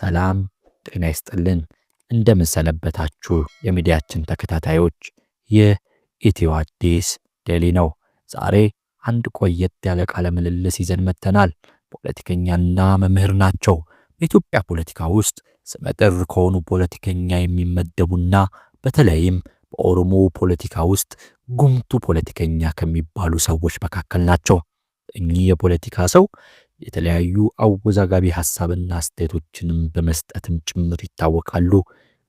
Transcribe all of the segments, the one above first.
ሰላም ጤና ይስጥልን። እንደምንሰነበታችሁ የሚዲያችን ተከታታዮች፣ ይህ ኢትዮ አዲስ ዴሊ ነው። ዛሬ አንድ ቆየት ያለ ቃለ ምልልስ ይዘን መጥተናል። ፖለቲከኛና መምህር ናቸው። በኢትዮጵያ ፖለቲካ ውስጥ ስመጥር ከሆኑ ፖለቲከኛ የሚመደቡና በተለይም በኦሮሞ ፖለቲካ ውስጥ ጉምቱ ፖለቲከኛ ከሚባሉ ሰዎች መካከል ናቸው። እኚህ የፖለቲካ ሰው የተለያዩ አወዛጋቢ ሀሳብና አስተያየቶችንም በመስጠትም ጭምር ይታወቃሉ።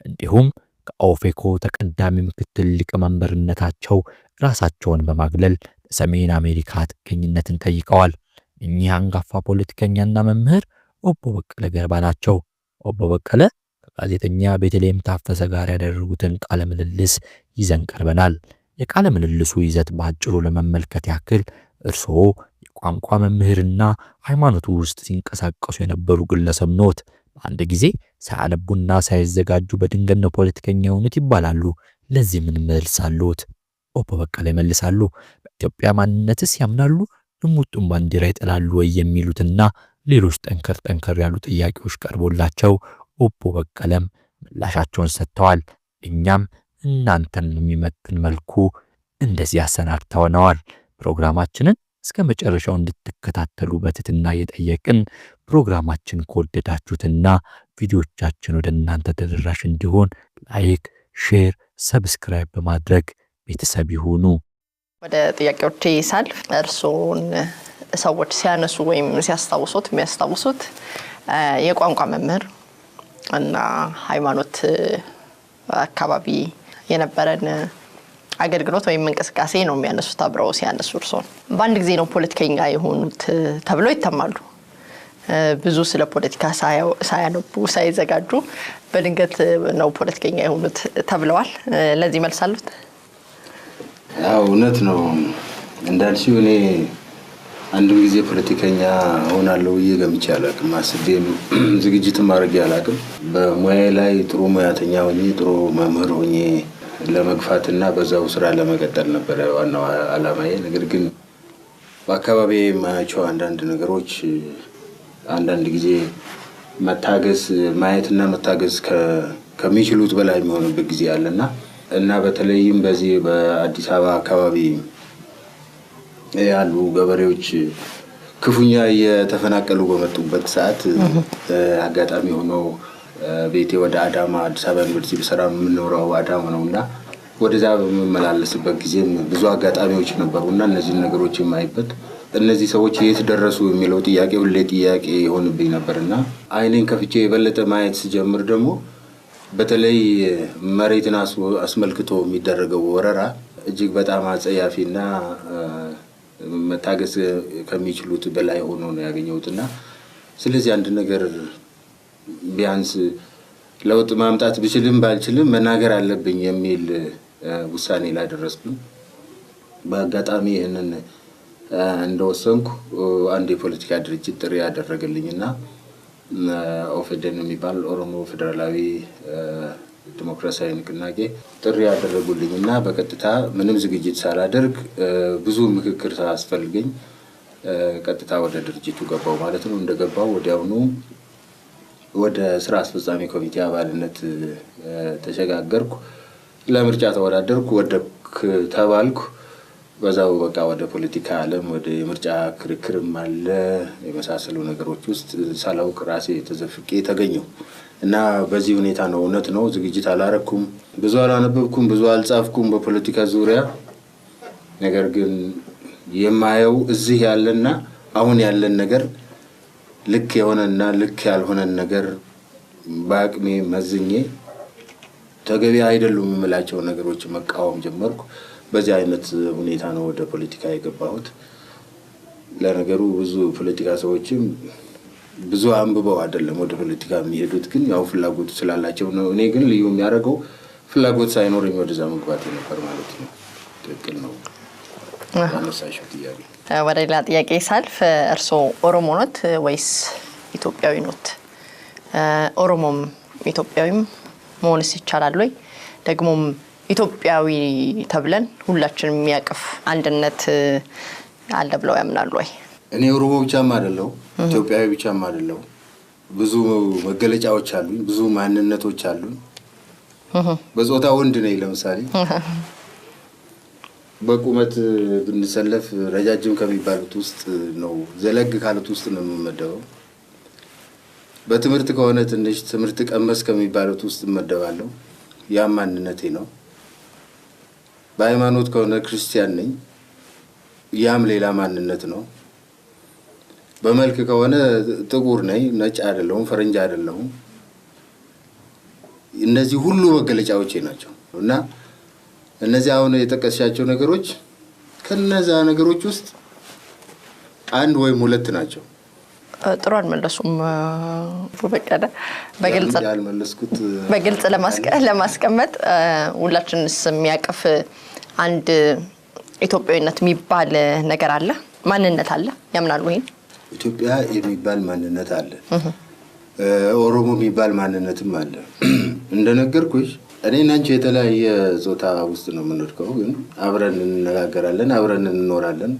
እንዲሁም ከኦፌኮ ተቀዳሚ ምክትል ሊቀመንበርነታቸው ራሳቸውን በማግለል በሰሜን አሜሪካ ጥገኝነትን ጠይቀዋል። እኚህ አንጋፋ ፖለቲከኛና መምህር ኦቦ በቀለ ገርባ ናቸው። ኦቦ በቀለ ከጋዜጠኛ ቤተልሔም ታፈሰ ጋር ያደረጉትን ቃለ ምልልስ ይዘን ቀርበናል። የቃለ ምልልሱ ይዘት በአጭሩ ለመመልከት ያክል እርስዎ የቋንቋ መምህርና ሃይማኖቱ ውስጥ ሲንቀሳቀሱ የነበሩ ግለሰብ ኖት። በአንድ ጊዜ ሳያነቡና ሳይዘጋጁ በድንገት ነው ፖለቲከኛ የሆኑት ይባላሉ። ለዚህ ምን መልስ አሉት? ኦቦ በቀለ ይመልሳሉ። በኢትዮጵያ ማንነትስ ያምናሉ? ልሙጡን ባንዲራ ይጥላሉ ወይ? የሚሉትና ሌሎች ጠንከር ጠንከር ያሉ ጥያቄዎች ቀርቦላቸው ኦቦ በቀለም ምላሻቸውን ሰጥተዋል። እኛም እናንተን የሚመጥን መልኩ እንደዚህ አሰናድተውነዋል። ፕሮግራማችንን እስከ መጨረሻው እንድትከታተሉ በትትና የጠየቅን ፕሮግራማችን ከወደዳችሁትና ቪዲዮቻችን ወደ እናንተ ተደራሽ እንዲሆን ላይክ፣ ሼር፣ ሰብስክራይብ በማድረግ ቤተሰብ ይሁኑ። ወደ ጥያቄዎቼ ሳልፍ እርስዎን ሰዎች ሲያነሱ ወይም ሲያስታውሱት የሚያስታውሱት የቋንቋ መምህር እና ሃይማኖት አካባቢ የነበረን አገልግሎት ወይም እንቅስቃሴ ነው የሚያነሱት አብረው ሲያነሱ እርስዎን። በአንድ ጊዜ ነው ፖለቲከኛ የሆኑት ተብሎ ይተማሉ። ብዙ ስለ ፖለቲካ ሳያነቡ ሳይዘጋጁ በድንገት ነው ፖለቲከኛ የሆኑት ተብለዋል። ለዚህ መልስ እውነት ነው እንዳልሽው እኔ አንድም ጊዜ ፖለቲከኛ ሆናለው ብዬ ገምቼ አላውቅም። አስቤም ዝግጅትም አድርጌ አላውቅም። በሙያዬ ላይ ጥሩ ሙያተኛ ሆኜ ጥሩ መምህር ሆኜ ለመግፋትና በዛው ስራ ለመቀጠል ነበረ ዋናው አላማዬ። ነገር ግን በአካባቢ የማያቸው አንዳንድ ነገሮች አንዳንድ ጊዜ መታገስ ማየትና መታገስ ከሚችሉት በላይ የሚሆንበት ጊዜ አለና እና በተለይም በዚህ በአዲስ አበባ አካባቢ ያሉ ገበሬዎች ክፉኛ እየተፈናቀሉ በመጡበት ሰዓት አጋጣሚ ሆነው ቤቴ ወደ አዳማ አዲስ አበባ ዩኒቨርሲቲ ብሰራ የምኖረው አዳማ ነው እና ወደዛ በምመላለስበት ጊዜ ብዙ አጋጣሚዎች ነበሩ እና እነዚህን ነገሮች የማይበት እነዚህ ሰዎች የት ደረሱ የሚለው ጥያቄ ሁሌ ጥያቄ የሆንብኝ ነበር እና አይኔን ከፍቼ የበለጠ ማየት ስጀምር ደግሞ በተለይ መሬትን አስመልክቶ የሚደረገው ወረራ እጅግ በጣም አጸያፊና መታገስ ከሚችሉት በላይ ሆኖ ነው ያገኘሁት እና ስለዚህ አንድ ነገር ቢያንስ ለውጥ ማምጣት ብችልም ባልችልም መናገር አለብኝ የሚል ውሳኔ ላደረስኩኝ በአጋጣሚ ይህንን እንደወሰንኩ አንድ የፖለቲካ ድርጅት ጥሪ እና ኦፌደን የሚባል ኦሮሞ ፌዴራላዊ ዲሞክራሲያዊ ንቅናቄ ጥሪ ያደረጉልኝ እና በቀጥታ ምንም ዝግጅት ሳላደርግ ብዙ ምክክር ሳያስፈልገኝ ቀጥታ ወደ ድርጅቱ ገባው ማለት ነው። እንደገባው ወዲያውኑ ወደ ስራ አስፈጻሚ ኮሚቴ አባልነት ተሸጋገርኩ። ለምርጫ ተወዳደርኩ፣ ወደክ ተባልኩ። በዛው በቃ ወደ ፖለቲካ ዓለም ወደ የምርጫ ክርክርም አለ የመሳሰሉ ነገሮች ውስጥ ሳላውቅ ራሴ ተዘፍቄ ተገኘው እና በዚህ ሁኔታ ነው። እውነት ነው፣ ዝግጅት አላረኩም፣ ብዙ አላነበብኩም፣ ብዙ አልጻፍኩም በፖለቲካ ዙሪያ። ነገር ግን የማየው እዚህ ያለና አሁን ያለን ነገር ልክ የሆነና ልክ ያልሆነን ነገር በአቅሜ መዝኜ ተገቢ አይደሉም የምላቸው ነገሮች መቃወም ጀመርኩ። በዚህ አይነት ሁኔታ ነው ወደ ፖለቲካ የገባሁት። ለነገሩ ብዙ ፖለቲካ ሰዎችም ብዙ አንብበው አይደለም ወደ ፖለቲካ የሚሄዱት፣ ግን ያው ፍላጎቱ ስላላቸው ነው። እኔ ግን ልዩ የሚያደርገው ፍላጎት ሳይኖረኝ ወደዛ መግባት ነበር ማለት ነው። ትክክል ነው። ላነሳሽው ጥያቄ ወደ ሌላ ጥያቄ ሳልፍ እርስዎ ኦሮሞ ኖት ወይስ ኢትዮጵያዊ ኖት? ኦሮሞም ኢትዮጵያዊም መሆንስ ይቻላል ወይ? ደግሞም ኢትዮጵያዊ ተብለን ሁላችንም የሚያቅፍ አንድነት አለ ብለው ያምናሉ ወይ? እኔ ኦሮሞ ብቻም አይደለው ኢትዮጵያዊ ብቻም አይደለው። ብዙ መገለጫዎች አሉኝ፣ ብዙ ማንነቶች አሉኝ። በጾታ ወንድ ነኝ ለምሳሌ በቁመት ብንሰለፍ ረጃጅም ከሚባሉት ውስጥ ነው፣ ዘለግ ካሉት ውስጥ ነው የምመደበው። በትምህርት ከሆነ ትንሽ ትምህርት ቀመስ ከሚባሉት ውስጥ እመደባለሁ። ያም ማንነቴ ነው። በሃይማኖት ከሆነ ክርስቲያን ነኝ። ያም ሌላ ማንነት ነው። በመልክ ከሆነ ጥቁር ነኝ፣ ነጭ አይደለሁም፣ ፈረንጅ አይደለሁም። እነዚህ ሁሉ መገለጫዎቼ ናቸው እና እነዚህ አሁን የጠቀስሻቸው ነገሮች ከነዛ ነገሮች ውስጥ አንድ ወይም ሁለት ናቸው። ጥሩ አልመለሱም። በቀደ በግልጽ ለማስቀመጥ ሁላችንስ የሚያቅፍ አንድ ኢትዮጵያዊነት የሚባል ነገር አለ፣ ማንነት አለ። ያምናል ይሄን ኢትዮጵያ የሚባል ማንነት አለ፣ ኦሮሞ የሚባል ማንነትም አለ እንደነገርኩሽ እኔ አንቺ የተለያየ ጾታ ውስጥ ነው የምንወድቀው፣ ግን አብረን እንነጋገራለን፣ አብረን እንኖራለን።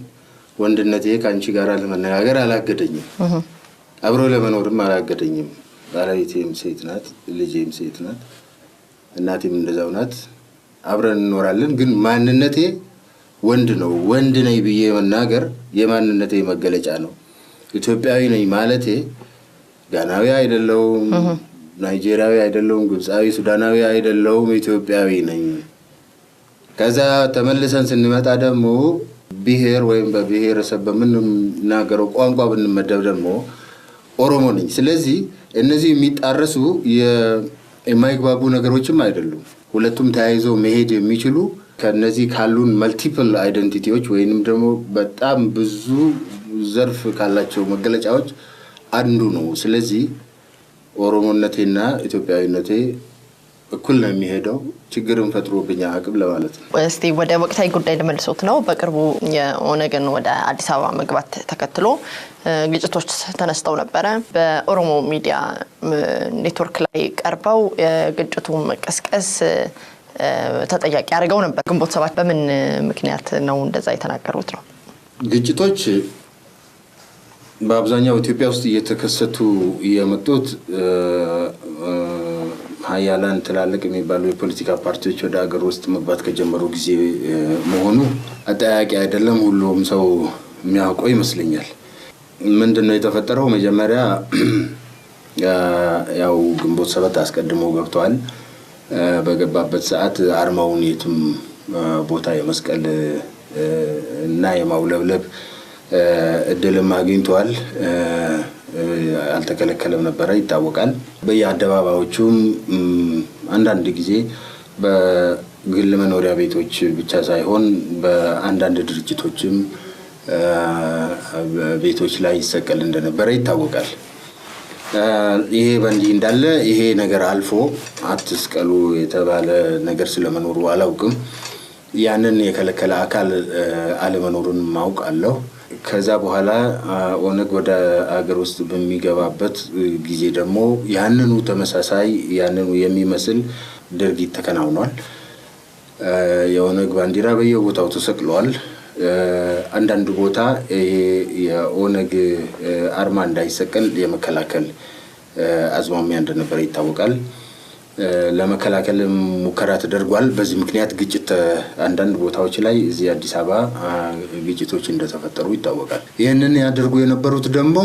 ይሄ ከአንቺ ጋር ለመነጋገር አላገደኝም፣ አብሮ ለመኖርም አላገደኝም። ባለቤቴም ሴት ናት፣ ልጄም ሴት ናት፣ እናቴም እንደዛው ናት። አብረን እንኖራለን፣ ግን ማንነቴ ወንድ ነው። ወንድ ነኝ ብዬ መናገር የማንነቴ መገለጫ ነው። ኢትዮጵያዊ ነኝ ማለቴ ጋናዊ አይደለውም ናይጄሪያዊ አይደለሁም፣ ግብፃዊ፣ ሱዳናዊ አይደለሁም፣ ኢትዮጵያዊ ነኝ። ከዛ ተመልሰን ስንመጣ ደግሞ ብሔር ወይም በብሄረሰብ በምንናገረው ቋንቋ ብንመደብ ደግሞ ኦሮሞ ነኝ። ስለዚህ እነዚህ የሚጣረሱ የማይግባቡ ነገሮችም አይደሉም። ሁለቱም ተያይዘው መሄድ የሚችሉ ከነዚህ ካሉን መልቲፕል አይደንቲቲዎች ወይንም ደግሞ በጣም ብዙ ዘርፍ ካላቸው መገለጫዎች አንዱ ነው። ስለዚህ ኦሮሞነቴና ኢትዮጵያዊነቴ እኩል ነው የሚሄደው። ችግርን ፈጥሮብኛ አቅም ለማለት ነው። እስቲ ወደ ወቅታዊ ጉዳይ ልመልሶት ነው። በቅርቡ የኦነግን ወደ አዲስ አበባ መግባት ተከትሎ ግጭቶች ተነስተው ነበረ። በኦሮሞ ሚዲያ ኔትወርክ ላይ ቀርበው የግጭቱ መቀስቀስ ተጠያቂ አድርገው ነበር። ግንቦት ሰባት በምን ምክንያት ነው እንደዛ የተናገሩት ነው? ግጭቶች በአብዛኛው ኢትዮጵያ ውስጥ እየተከሰቱ የመጡት ሀያላን ትላልቅ የሚባሉ የፖለቲካ ፓርቲዎች ወደ ሀገር ውስጥ መግባት ከጀመሩ ጊዜ መሆኑ አጠያቂ አይደለም። ሁሉም ሰው የሚያውቀው ይመስለኛል። ምንድን ነው የተፈጠረው? መጀመሪያ ያው ግንቦት ሰባት አስቀድሞ ገብተዋል። በገባበት ሰዓት አርማውን የትም ቦታ የመስቀል እና የማውለብለብ እድልም አግኝቷል። አልተከለከለም ነበረ ይታወቃል። በየአደባባዮቹም አንዳንድ ጊዜ በግል መኖሪያ ቤቶች ብቻ ሳይሆን በአንዳንድ ድርጅቶችም ቤቶች ላይ ይሰቀል እንደነበረ ይታወቃል። ይሄ በእንዲህ እንዳለ ይሄ ነገር አልፎ አትስቀሉ የተባለ ነገር ስለመኖሩ አላውቅም። ያንን የከለከለ አካል አለመኖሩን ማውቅ አለው። ከዛ በኋላ ኦነግ ወደ አገር ውስጥ በሚገባበት ጊዜ ደግሞ ያንኑ ተመሳሳይ ያንኑ የሚመስል ድርጊት ተከናውኗል። የኦነግ ባንዲራ በየቦታው ተሰቅሏል። አንዳንድ ቦታ የኦነግ አርማ እንዳይሰቀል የመከላከል አዝማሚያ እንደነበረ ይታወቃል። ለመከላከል ሙከራ ተደርጓል። በዚህ ምክንያት ግጭት አንዳንድ ቦታዎች ላይ እዚህ አዲስ አበባ ግጭቶች እንደተፈጠሩ ይታወቃል። ይህንን ያደርጉ የነበሩት ደግሞ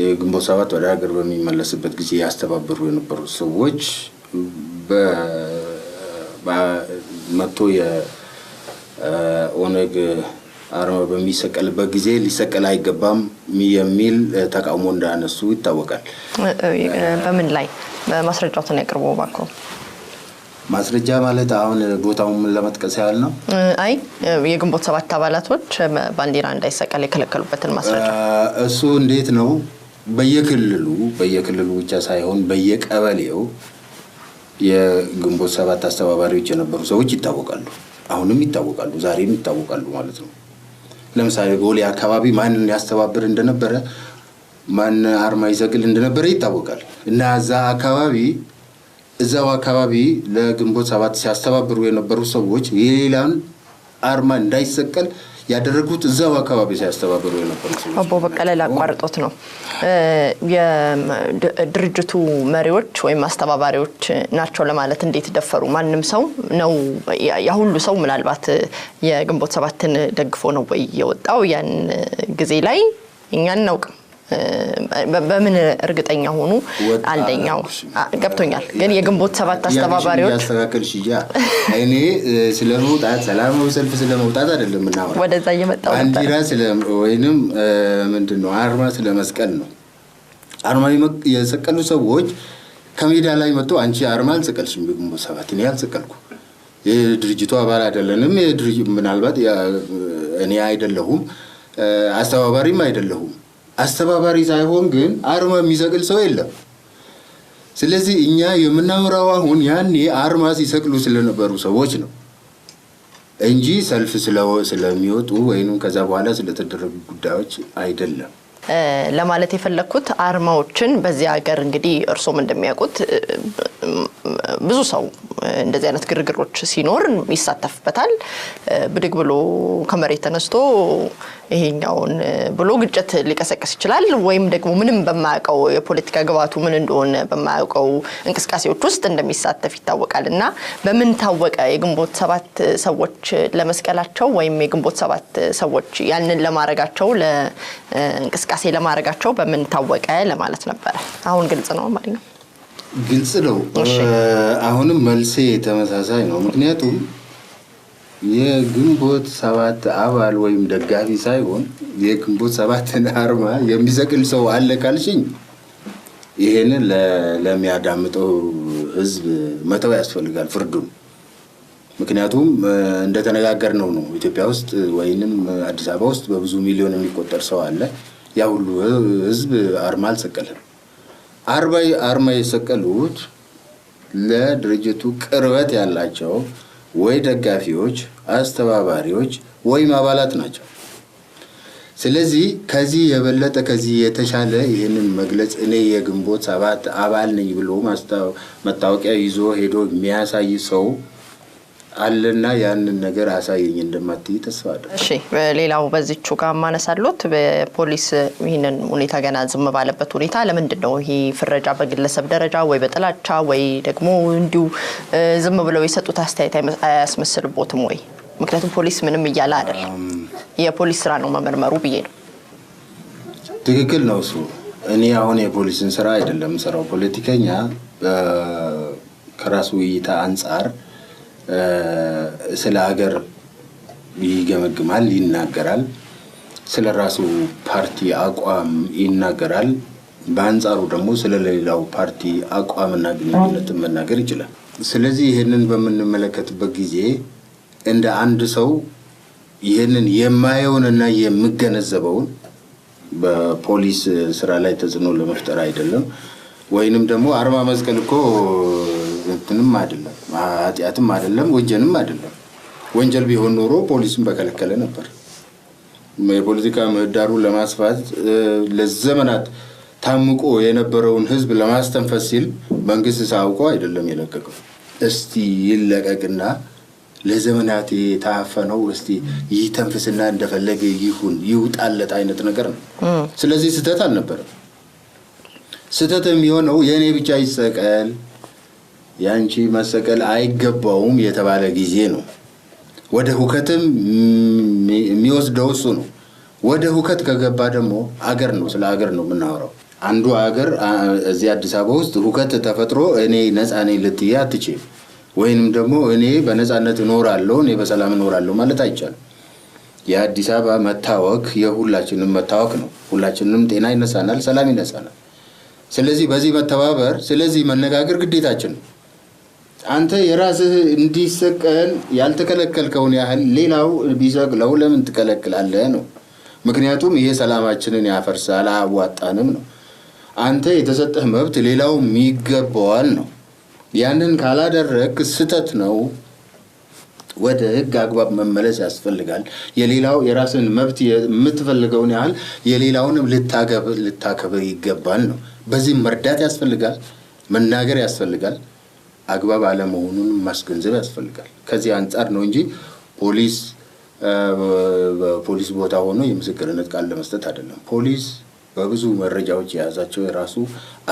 የግንቦት ሰባት ወደ ሀገር በሚመለስበት ጊዜ ያስተባበሩ የነበሩት ሰዎች መጥቶ የኦነግ አርማ በሚሰቀልበት ጊዜ ሊሰቀል አይገባም የሚል ተቃውሞ እንዳነሱ ይታወቃል። በምን ላይ ማስረጃዎትን ያቅርቡ እባክዎ። ማስረጃ ማለት አሁን ቦታውን ለመጥቀስ ያህል ነው። አይ የግንቦት ሰባት አባላቶች ባንዲራ እንዳይሰቀል የከለከሉበትን ማስረጃ እሱ እንዴት ነው? በየክልሉ በየክልሉ ብቻ ሳይሆን በየቀበሌው የግንቦት ሰባት አስተባባሪዎች የነበሩ ሰዎች ይታወቃሉ። አሁንም ይታወቃሉ፣ ዛሬም ይታወቃሉ ማለት ነው። ለምሳሌ ቦሌ አካባቢ ማን ያስተባብር እንደነበረ ማን አርማ ይዘግል እንደነበረ ይታወቃል። እና እዛ አካባቢ እዛው አካባቢ ለግንቦት ሰባት ሲያስተባብሩ የነበሩ ሰዎች የሌላን አርማ እንዳይሰቀል ያደረጉት እዛው አካባቢ ሲያስተባበሩ የነበሩ አቦ በቀለ ላቋርጦት ነው። የድርጅቱ መሪዎች ወይም አስተባባሪዎች ናቸው ለማለት እንዴት ደፈሩ? ማንም ሰው ነው ያሁሉ ሰው ምናልባት የግንቦት ሰባትን ደግፎ ነው ወይ የወጣው? ያን ጊዜ ላይ እኛ እናውቅም በምን እርግጠኛ ሆኑ? አንደኛው ገብቶኛል። ግን የግንቦት ሰባት አስተባባሪዎች ያስተካከል ሽጃ እኔ ስለመውጣት ሰላማዊ ሰልፍ ስለመውጣት አይደለም ምናምን ወደዛ እየመጣ ባንዲራ ወይንም ምንድን ነው አርማ ስለመስቀል ነው። አርማ የሰቀሉ ሰዎች ከሜዳ ላይ መጥተው አንቺ አርማ አልሰቀልሽም፣ የግንቦት ሰባት እኔ አልሰቀልኩ፣ የድርጅቱ አባል አይደለንም፣ ምናልባት እኔ አይደለሁም፣ አስተባባሪም አይደለሁም አስተባባሪ ሳይሆን ግን አርማ የሚሰቅል ሰው የለም። ስለዚህ እኛ የምናወራው አሁን ያኔ አርማ ሲሰቅሉ ስለነበሩ ሰዎች ነው እንጂ ሰልፍ ስለሚወጡ ወይም ከዛ በኋላ ስለተደረጉ ጉዳዮች አይደለም። ለማለት የፈለግኩት አርማዎችን በዚህ ሀገር እንግዲህ እርሶም እንደሚያውቁት ብዙ ሰው እንደዚህ አይነት ግርግሮች ሲኖር ይሳተፍበታል። ብድግ ብሎ ከመሬት ተነስቶ ይሄኛውን ብሎ ግጭት ሊቀሰቅስ ይችላል። ወይም ደግሞ ምንም በማያውቀው የፖለቲካ ግባቱ ምን እንደሆነ በማያውቀው እንቅስቃሴዎች ውስጥ እንደሚሳተፍ ይታወቃል እና በምን ታወቀ የግንቦት ሰባት ሰዎች ለመስቀላቸው ወይም የግንቦት ሰባት ሰዎች ያንን ለማድረጋቸው ለእንቅስቃሴ ለማድረጋቸው በምን ታወቀ ለማለት ነበረ። አሁን ግልጽ ነው ማለት ነው። ግልጽ ነው። አሁንም መልሴ ተመሳሳይ ነው። ምክንያቱም የግንቦት ሰባት አባል ወይም ደጋፊ ሳይሆን የግንቦት ሰባትን አርማ የሚሰቅል ሰው አለ ካልሽኝ ይሄንን ለሚያዳምጠው ህዝብ መተው ያስፈልጋል ፍርዱን። ምክንያቱም እንደተነጋገር ነው ነው ኢትዮጵያ ውስጥ ወይንም አዲስ አበባ ውስጥ በብዙ ሚሊዮን የሚቆጠር ሰው አለ። ያ ሁሉ ህዝብ አርማ አልሰቀለም። አርባ አርማ የሰቀሉት ለድርጅቱ ቅርበት ያላቸው ወይ ደጋፊዎች፣ አስተባባሪዎች ወይም አባላት ናቸው። ስለዚህ ከዚህ የበለጠ ከዚህ የተሻለ ይህንን መግለጽ እኔ የግንቦት ሰባት አባል ነኝ ብሎ መታወቂያ ይዞ ሄዶ የሚያሳይ ሰው አለና ያንን ነገር አሳየኝ እንደማትይ ተስፋ አለ። እሺ፣ ሌላው በዚቹ ጋር ማነሳሉት በፖሊስ ይህንን ሁኔታ ገና ዝም ባለበት ሁኔታ ለምንድን ነው ይሄ ፍረጃ በግለሰብ ደረጃ ወይ በጥላቻ ወይ ደግሞ እንዲሁ ዝም ብለው የሰጡት አስተያየት አያስመስልቦትም ወይ? ምክንያቱም ፖሊስ ምንም እያለ አይደለም። የፖሊስ ስራ ነው መመርመሩ ብዬ ነው። ትክክል ነው እሱ። እኔ አሁን የፖሊስን ስራ አይደለም ስራው፣ ፖለቲከኛ ከራሱ ውይይታ አንጻር ስለ ሀገር ይገመግማል፣ ይናገራል። ስለ ራሱ ፓርቲ አቋም ይናገራል። በአንጻሩ ደግሞ ስለሌላው ፓርቲ አቋምና ግንኙነትን መናገር ይችላል። ስለዚህ ይህንን በምንመለከትበት ጊዜ እንደ አንድ ሰው ይህንን የማየውንና የምገነዘበውን በፖሊስ ስራ ላይ ተጽዕኖ ለመፍጠር አይደለም። ወይንም ደግሞ አርማ መስቀል እኮ እንትንም አይደለም ኃጢአትም አይደለም ወንጀልም አይደለም። ወንጀል ቢሆን ኖሮ ፖሊስን በከለከለ ነበር። የፖለቲካ ምህዳሩን ለማስፋት ለዘመናት ታምቆ የነበረውን ህዝብ ለማስተንፈስ ሲል መንግስት ሳውቆ አይደለም የለቀቀው። እስቲ ይለቀቅና ለዘመናት የታፈነው እስቲ ይተንፍስና እንደፈለገ ይሁን ይውጣለት አይነት ነገር ነው። ስለዚህ ስህተት አልነበረም። ስህተት የሚሆነው የእኔ ብቻ ይሰቀል ያንቺ መሰቀል አይገባውም የተባለ ጊዜ ነው። ወደ ሁከትም የሚወስደው እሱ ነው። ወደ ሁከት ከገባ ደግሞ አገር ነው፣ ስለ አገር ነው የምናወራው። አንዱ አገር እዚህ አዲስ አበባ ውስጥ ሁከት ተፈጥሮ እኔ ነፃ ነኝ ልትይ ወይንም ደግሞ እኔ በነፃነት እኖራለሁ፣ እኔ በሰላም እኖራለሁ ማለት አይቻልም። የአዲስ አበባ መታወክ የሁላችንም መታወክ ነው። ሁላችንም ጤና ይነሳናል፣ ሰላም ይነሳናል። ስለዚህ በዚህ መተባበር፣ ስለዚህ መነጋገር ግዴታችን ነው። አንተ የራስህ እንዲሰቀል ያልተከለከልከውን ያህል ሌላው ቢሰቅለው ለምን ትከለክላለህ ነው። ምክንያቱም ይሄ ሰላማችንን ያፈርሳል፣ አያዋጣንም ነው። አንተ የተሰጠህ መብት ሌላውም ይገባዋል ነው። ያንን ካላደረግ ስተት ነው። ወደ ህግ አግባብ መመለስ ያስፈልጋል። የሌላው የራስን መብት የምትፈልገውን ያህል የሌላውንም ልታከብር ይገባል ነው። በዚህም መርዳት ያስፈልጋል፣ መናገር ያስፈልጋል። አግባብ አለመሆኑን ማስገንዘብ ያስፈልጋል። ከዚህ አንጻር ነው እንጂ ፖሊስ በፖሊስ ቦታ ሆኖ የምስክርነት ቃል ለመስጠት አይደለም። ፖሊስ በብዙ መረጃዎች የያዛቸው የራሱ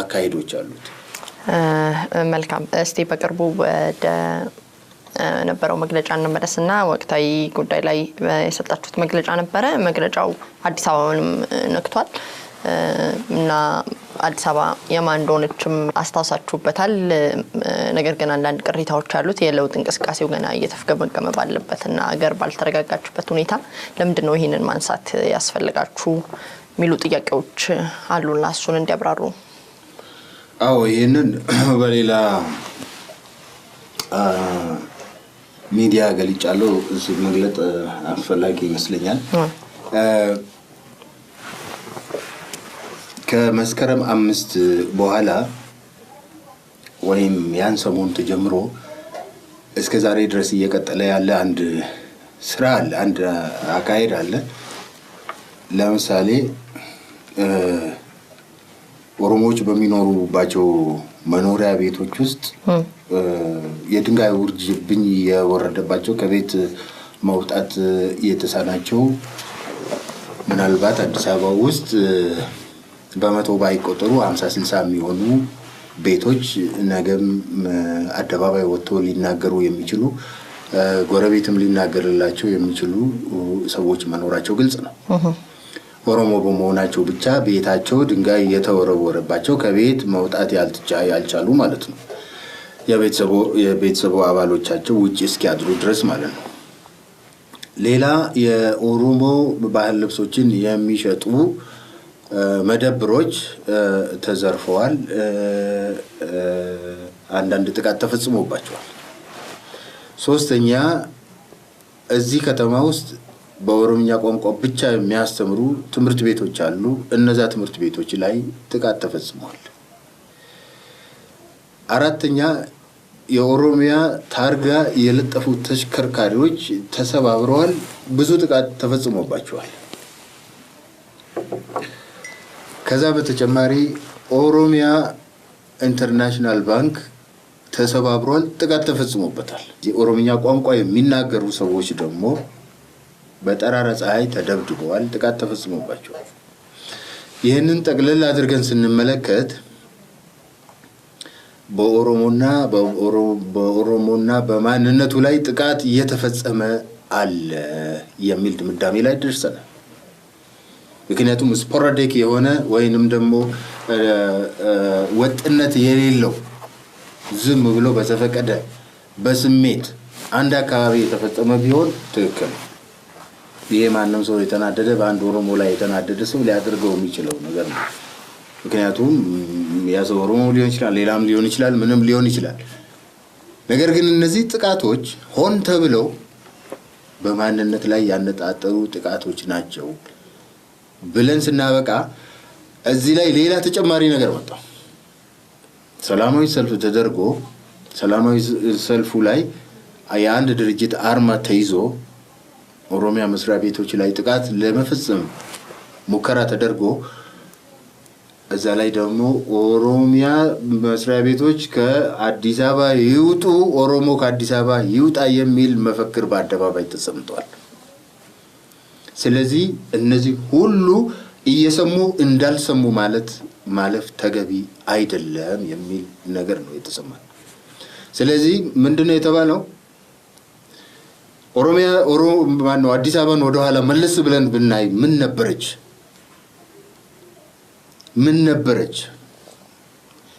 አካሄዶች አሉት። መልካም። እስቲ በቅርቡ ወደ ነበረው መግለጫ እና ወቅታዊ ጉዳይ ላይ የሰጣችሁት መግለጫ ነበረ። መግለጫው አዲስ አበባንም ነክቷል። እና አዲስ አበባ የማን እንደሆነችም አስታውሳችሁበታል። ነገር ግን አንዳንድ ቅሬታዎች አሉት። የለውጥ እንቅስቃሴው ገና እየተፍገመገመ ባለበት እና አገር ባልተረጋጋችበት ሁኔታ ለምንድን ነው ይህንን ማንሳት ያስፈልጋችሁ የሚሉ ጥያቄዎች አሉና እሱን እንዲያብራሩ። አዎ ይህንን በሌላ ሚዲያ ገልጫለሁ። እዚህ መግለጥ አስፈላጊ ይመስለኛል። ከመስከረም አምስት በኋላ ወይም ያን ሰሞን ተጀምሮ እስከ ዛሬ ድረስ እየቀጠለ ያለ አንድ ስራ አለ፣ አንድ አካሄድ አለ። ለምሳሌ ኦሮሞዎች በሚኖሩባቸው መኖሪያ ቤቶች ውስጥ የድንጋይ ውርጅብኝ የወረደባቸው ከቤት መውጣት የተሳናቸው ምናልባት አዲስ አበባ ውስጥ በመቶ ባይቆጠሩ ሀምሳ ስልሳ የሚሆኑ ቤቶች ነገም አደባባይ ወጥቶ ሊናገሩ የሚችሉ ጎረቤትም ሊናገርላቸው የሚችሉ ሰዎች መኖራቸው ግልጽ ነው። ኦሮሞ በመሆናቸው ብቻ ቤታቸው ድንጋይ የተወረወረባቸው ከቤት መውጣት ያልቻሉ ማለት ነው። የቤተሰቡ አባሎቻቸው ውጭ እስኪያድሩ ድረስ ማለት ነው። ሌላ የኦሮሞ ባህል ልብሶችን የሚሸጡ መደብሮች ተዘርፈዋል፣ አንዳንድ ጥቃት ተፈጽሞባቸዋል። ሶስተኛ እዚህ ከተማ ውስጥ በኦሮምኛ ቋንቋ ብቻ የሚያስተምሩ ትምህርት ቤቶች አሉ። እነዛ ትምህርት ቤቶች ላይ ጥቃት ተፈጽመዋል። አራተኛ የኦሮሚያ ታርጋ የለጠፉ ተሽከርካሪዎች ተሰባብረዋል። ብዙ ጥቃት ተፈጽሞባቸዋል። ከዛ በተጨማሪ ኦሮሚያ ኢንተርናሽናል ባንክ ተሰባብሯል፣ ጥቃት ተፈጽሞበታል። የኦሮምኛ ቋንቋ የሚናገሩ ሰዎች ደግሞ በጠራራ ፀሐይ ተደብድበዋል፣ ጥቃት ተፈጽሞባቸዋል። ይህንን ጠቅልል አድርገን ስንመለከት በኦሮሞና በኦሮሞና በማንነቱ ላይ ጥቃት እየተፈጸመ አለ የሚል ድምዳሜ ላይ ደርሰናል። ምክንያቱም ስፖራዴክ የሆነ ወይንም ደግሞ ወጥነት የሌለው ዝም ብሎ በተፈቀደ በስሜት አንድ አካባቢ የተፈጸመ ቢሆን ትክክል ይሄ ማንም ሰው የተናደደ በአንድ ኦሮሞ ላይ የተናደደ ሰው ሊያደርገው የሚችለው ነገር ነው። ምክንያቱም ያ ሰው ኦሮሞ ሊሆን ይችላል፣ ሌላም ሊሆን ይችላል፣ ምንም ሊሆን ይችላል። ነገር ግን እነዚህ ጥቃቶች ሆን ተብለው በማንነት ላይ ያነጣጠሩ ጥቃቶች ናቸው። ብለን ስናበቃ እዚህ ላይ ሌላ ተጨማሪ ነገር መጣ። ሰላማዊ ሰልፍ ተደርጎ ሰላማዊ ሰልፉ ላይ የአንድ ድርጅት አርማ ተይዞ ኦሮሚያ መስሪያ ቤቶች ላይ ጥቃት ለመፈጸም ሙከራ ተደርጎ እዛ ላይ ደግሞ ኦሮሚያ መስሪያ ቤቶች ከአዲስ አበባ ይውጡ፣ ኦሮሞ ከአዲስ አበባ ይውጣ የሚል መፈክር በአደባባይ ተሰምቷል። ስለዚህ እነዚህ ሁሉ እየሰሙ እንዳልሰሙ ማለት ማለፍ ተገቢ አይደለም የሚል ነገር ነው የተሰማል። ስለዚህ ምንድነው የተባለው? ኦሮሚያ ማነው አዲስ አበባን ወደኋላ መለስ ብለን ብናይ ምን ነበረች? ምን ነበረች?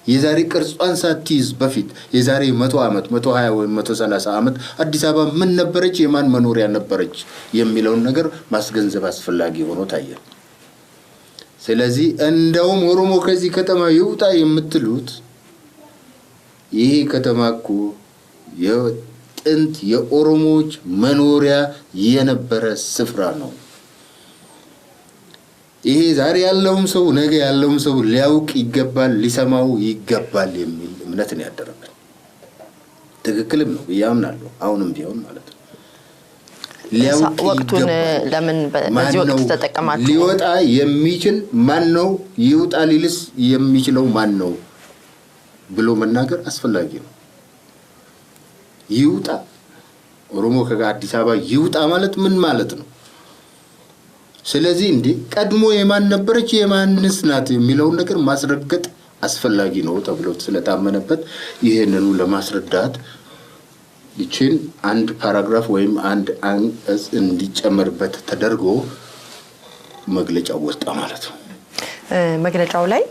የዛሬ ቅርጿን ሳትይዝ በፊት የዛሬ መቶ ዓመት መቶ ሀያ ወይም መቶ ሰላሳ ዓመት አዲስ አበባ ምን ነበረች፣ የማን መኖሪያ ነበረች የሚለውን ነገር ማስገንዘብ አስፈላጊ ሆኖ ታያል። ስለዚህ እንደውም ኦሮሞ ከዚህ ከተማ ይውጣ የምትሉት ይሄ ከተማ እኮ የጥንት የኦሮሞዎች መኖሪያ የነበረ ስፍራ ነው። ይሄ ዛሬ ያለውም ሰው ነገ ያለውም ሰው ሊያውቅ ይገባል፣ ሊሰማው ይገባል የሚል እምነት ነው ያደረብን። ትክክልም ነው ብዬ አምናለሁ። አሁንም ቢሆን ማለት ነው ወቅቱን ለምን በዚህ ወቅት ተጠቀማችሁ? ሊወጣ የሚችል ማን ነው? ይውጣ ሊልስ የሚችለው ማን ነው ብሎ መናገር አስፈላጊ ነው። ይውጣ ኦሮሞ ከአዲስ አበባ ይውጣ ማለት ምን ማለት ነው? ስለዚህ እንዴ ቀድሞ የማን ነበረች የማንስ ናት የሚለውን ነገር ማስረገጥ አስፈላጊ ነው ተብሎ ስለታመነበት ይህንኑ ለማስረዳት ይችን አንድ ፓራግራፍ ወይም አንድ አንቀጽ እንዲጨመርበት ተደርጎ መግለጫው ወጣ ማለት ነው። መግለጫው ላይ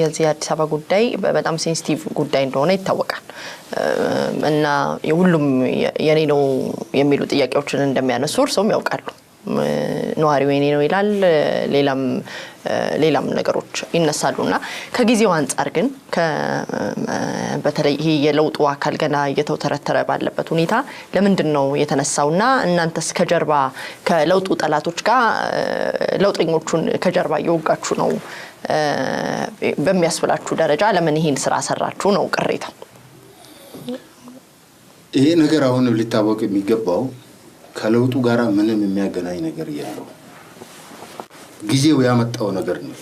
የዚህ የአዲስ አበባ ጉዳይ በጣም ሴንሲቲቭ ጉዳይ እንደሆነ ይታወቃል እና ሁሉም የኔ ነው የሚሉ ጥያቄዎችን እንደሚያነሱ እርስዎም ያውቃሉ። ነዋሪው የኔ ነው ይላል። ሌላም ሌላም ነገሮች ይነሳሉ እና ከጊዜው አንጻር ግን በተለይ ይሄ የለውጡ አካል ገና እየተውተረተረ ባለበት ሁኔታ ለምንድን ነው የተነሳው እና እናንተስ ከጀርባ ከለውጡ ጠላቶች ጋር ለውጠኞቹን ከጀርባ እየወጋችሁ ነው በሚያስብላችሁ ደረጃ ለምን ይሄን ስራ ሰራችሁ ነው ቅሬታ። ይሄ ነገር አሁንም ሊታወቅ የሚገባው ከለውጡ ጋር ምንም የሚያገናኝ ነገር የለው። ጊዜው ያመጣው ነገር ነው።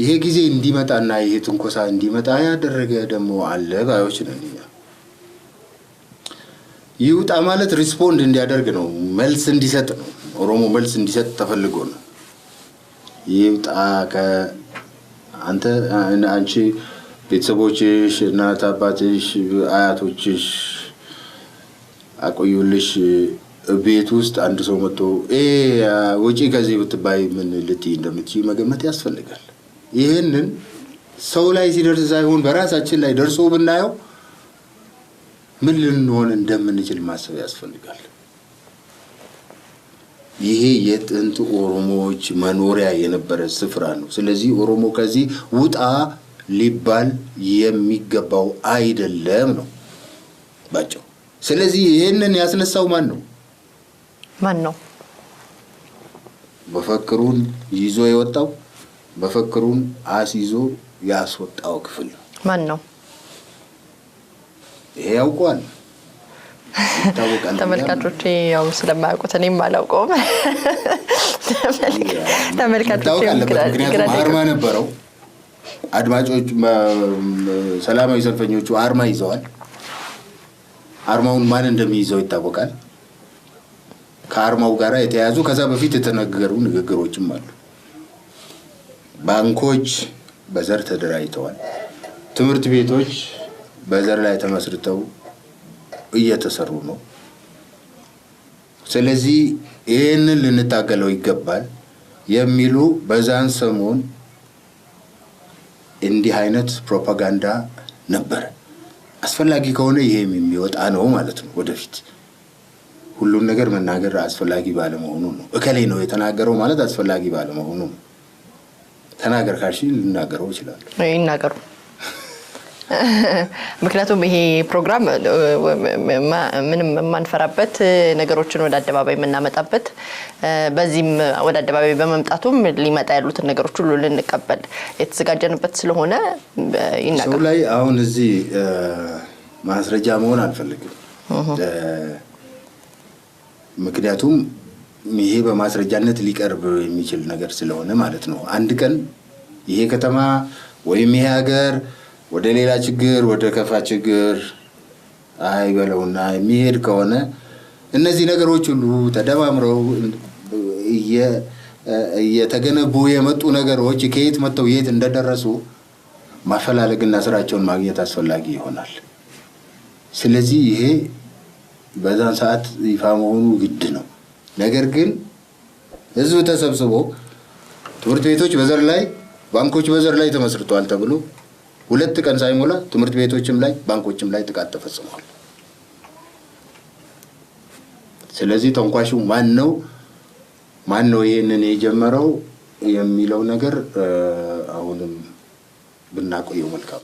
ይሄ ጊዜ እንዲመጣና ይሄ ትንኮሳ እንዲመጣ ያደረገ ደግሞ አለ ባዮች ነን። ይውጣ ማለት ሪስፖንድ እንዲያደርግ ነው፣ መልስ እንዲሰጥ ነው። ኦሮሞ መልስ እንዲሰጥ ተፈልጎ ነው። ይውጣ አንተ አንቺ ቤተሰቦችሽ፣ እናት አባትሽ፣ አያቶችሽ አቆዩልሽ ቤት ውስጥ አንድ ሰው መጥቶ ውጪ ከዚህ ብትባይ ምን ልትይ እንደምትይ መገመት ያስፈልጋል። ይህንን ሰው ላይ ሲደርስ ሳይሆን በራሳችን ላይ ደርሶ ብናየው ምን ልንሆን እንደምንችል ማሰብ ያስፈልጋል። ይሄ የጥንት ኦሮሞዎች መኖሪያ የነበረ ስፍራ ነው። ስለዚህ ኦሮሞ ከዚህ ውጣ ሊባል የሚገባው አይደለም ነው ባጭው ስለዚህ ይህንን ያስነሳው ማን ነው? ማን ነው መፈክሩን ይዞ የወጣው? መፈክሩን አስይዞ ያስወጣው ክፍል ነው። ማን ነው? ይሄ ያውቀዋል። ተመልካቾች ያው ስለማያውቁት እኔም አላውቀውም። ተመልካቾች አርማ ነበረው። አድማጮች፣ ሰላማዊ ሰልፈኞቹ አርማ ይዘዋል። አርማውን ማን እንደሚይዘው ይታወቃል። ከአርማው ጋር የተያያዙ ከዛ በፊት የተነገሩ ንግግሮችም አሉ። ባንኮች በዘር ተደራጅተዋል። ትምህርት ቤቶች በዘር ላይ ተመስርተው እየተሰሩ ነው። ስለዚህ ይህንን ልንታገለው ይገባል የሚሉ በዛን ሰሞን እንዲህ አይነት ፕሮፓጋንዳ ነበረ። አስፈላጊ ከሆነ ይሄም የሚወጣ ነው ማለት ነው። ወደፊት ሁሉን ነገር መናገር አስፈላጊ ባለመሆኑ ነው። እከሌ ነው የተናገረው ማለት አስፈላጊ ባለመሆኑ ነው። ተናገር ካልሽ ልናገረው ይችላል። ይናገሩ ምክንያቱም ይሄ ፕሮግራም ምንም የማንፈራበት ነገሮችን ወደ አደባባይ የምናመጣበት በዚህም ወደ አደባባይ በመምጣቱም ሊመጣ ያሉትን ነገሮች ሁሉ ልንቀበል የተዘጋጀንበት ስለሆነ ይናገር ላይ አሁን እዚህ ማስረጃ መሆን አልፈልግም። ምክንያቱም ይሄ በማስረጃነት ሊቀርብ የሚችል ነገር ስለሆነ ማለት ነው። አንድ ቀን ይሄ ከተማ ወይም ይሄ ሀገር ወደ ሌላ ችግር ወደ ከፋ ችግር አይበለውና የሚሄድ ከሆነ እነዚህ ነገሮች ሁሉ ተደማምረው እየተገነቡ የመጡ ነገሮች ከየት መጥተው የት እንደደረሱ ማፈላለግና ስራቸውን ማግኘት አስፈላጊ ይሆናል። ስለዚህ ይሄ በዛን ሰዓት ይፋ መሆኑ ግድ ነው። ነገር ግን ህዝብ ተሰብስቦ ትምህርት ቤቶች በዘር ላይ፣ ባንኮች በዘር ላይ ተመስርተዋል ተብሎ ሁለት ቀን ሳይሞላ ትምህርት ቤቶችም ላይ ባንኮችም ላይ ጥቃት ተፈጽሟል። ስለዚህ ተንኳሹ ማን ነው? ማን ነው ይህንን የጀመረው የሚለው ነገር አሁንም ብናቆየው መልካም